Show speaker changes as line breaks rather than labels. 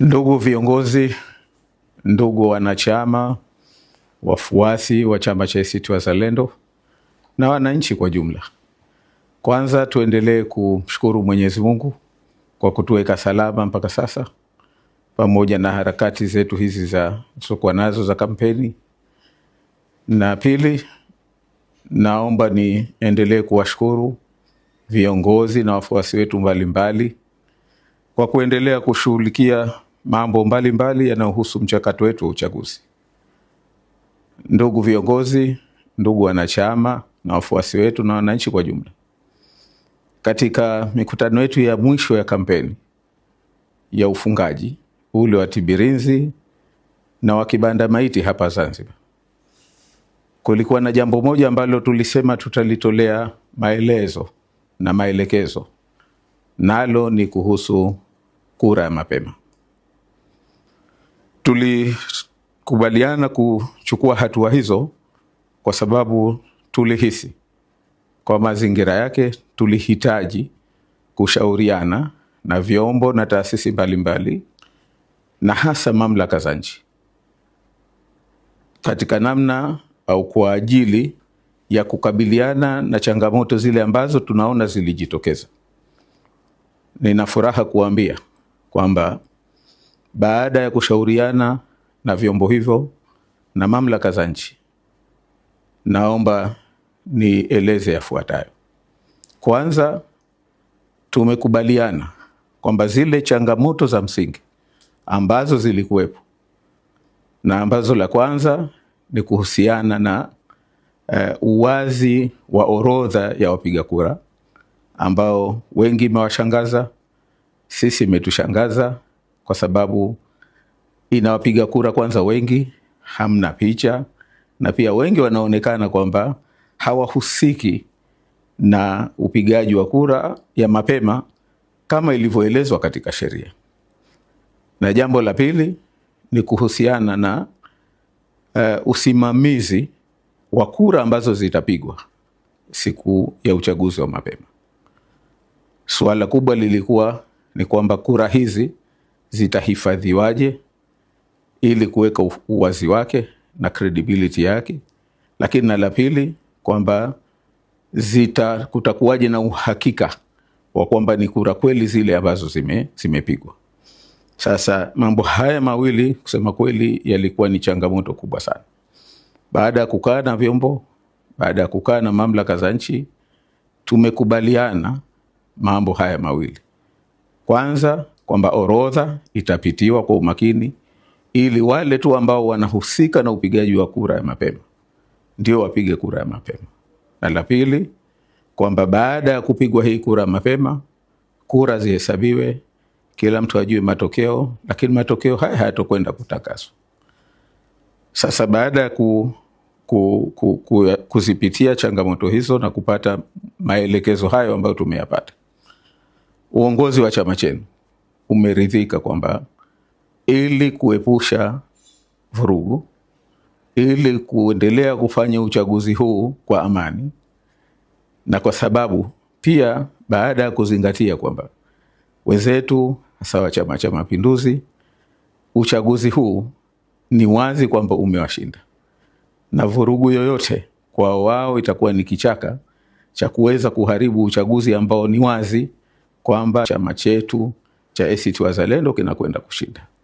Ndugu viongozi, ndugu wanachama, wafuasi wa chama cha ACT Wazalendo na wananchi kwa jumla, kwanza tuendelee kumshukuru Mwenyezi Mungu kwa kutuweka salama mpaka sasa, pamoja na harakati zetu hizi za zokuwa nazo za kampeni. Na pili, naomba niendelee kuwashukuru viongozi na wafuasi wetu mbalimbali mbali kwa kuendelea kushughulikia mambo mbalimbali yanayohusu mchakato wetu wa uchaguzi. Ndugu viongozi, ndugu wanachama na wafuasi wetu na wananchi kwa jumla, katika mikutano yetu ya mwisho ya kampeni ya ufungaji ule wa Tibirinzi na wa Kibanda Maiti hapa Zanzibar, kulikuwa na jambo moja ambalo tulisema tutalitolea maelezo na maelekezo, nalo ni kuhusu kura ya mapema. Tulikubaliana kuchukua hatua hizo kwa sababu tulihisi kwa mazingira yake tulihitaji kushauriana na vyombo na taasisi mbalimbali na hasa mamlaka za nchi katika namna au kwa ajili ya kukabiliana na changamoto zile ambazo tunaona zilijitokeza. Nina furaha kuambia kwamba baada ya kushauriana na vyombo hivyo na mamlaka za nchi, naomba nieleze yafuatayo. Kwanza, tumekubaliana kwamba zile changamoto za msingi ambazo zilikuwepo na ambazo la kwanza ni kuhusiana na uh, uwazi wa orodha ya wapiga kura ambao wengi imewashangaza, sisi imetushangaza kwa sababu inawapiga kura kwanza wengi, hamna picha, na pia wengi wanaonekana kwamba hawahusiki na upigaji wa kura ya mapema kama ilivyoelezwa katika sheria. Na jambo la pili ni kuhusiana na uh, usimamizi wa kura ambazo zitapigwa siku ya uchaguzi wa mapema. Suala kubwa lilikuwa ni kwamba kura hizi zitahifadhiwaje ili kuweka uwazi wake na credibility yake, lakini na la pili kwamba zita kutakuwaje na uhakika wa kwamba ni kura kweli zile ambazo zimepigwa. Sasa mambo haya mawili kusema kweli yalikuwa ni changamoto kubwa sana, baada ya kukaa na vyombo, baada ya kukaa na mamlaka za nchi, tumekubaliana mambo haya mawili kwanza kwamba orodha itapitiwa kwa umakini ili wale tu ambao wanahusika na upigaji wa kura ya mapema ndio wapige kura ya mapema, na la pili kwamba baada ya kupigwa hii kura ya mapema, kura zihesabiwe, kila mtu ajue matokeo, lakini matokeo haya hayatokwenda kutakaswa. Sasa baada ya ku, ku, ku, ku, kuzipitia changamoto hizo na kupata maelekezo hayo ambayo tumeyapata, uongozi wa chama chenu umeridhika kwamba ili kuepusha vurugu, ili kuendelea kufanya uchaguzi huu kwa amani, na kwa sababu pia baada ya kuzingatia kwamba wenzetu hasa wa Chama cha Mapinduzi, uchaguzi huu ni wazi kwamba umewashinda na vurugu yoyote kwa wao itakuwa ni kichaka cha kuweza kuharibu uchaguzi ambao ni wazi kwamba chama chetu cha ACT Wazalendo kinakwenda kushinda.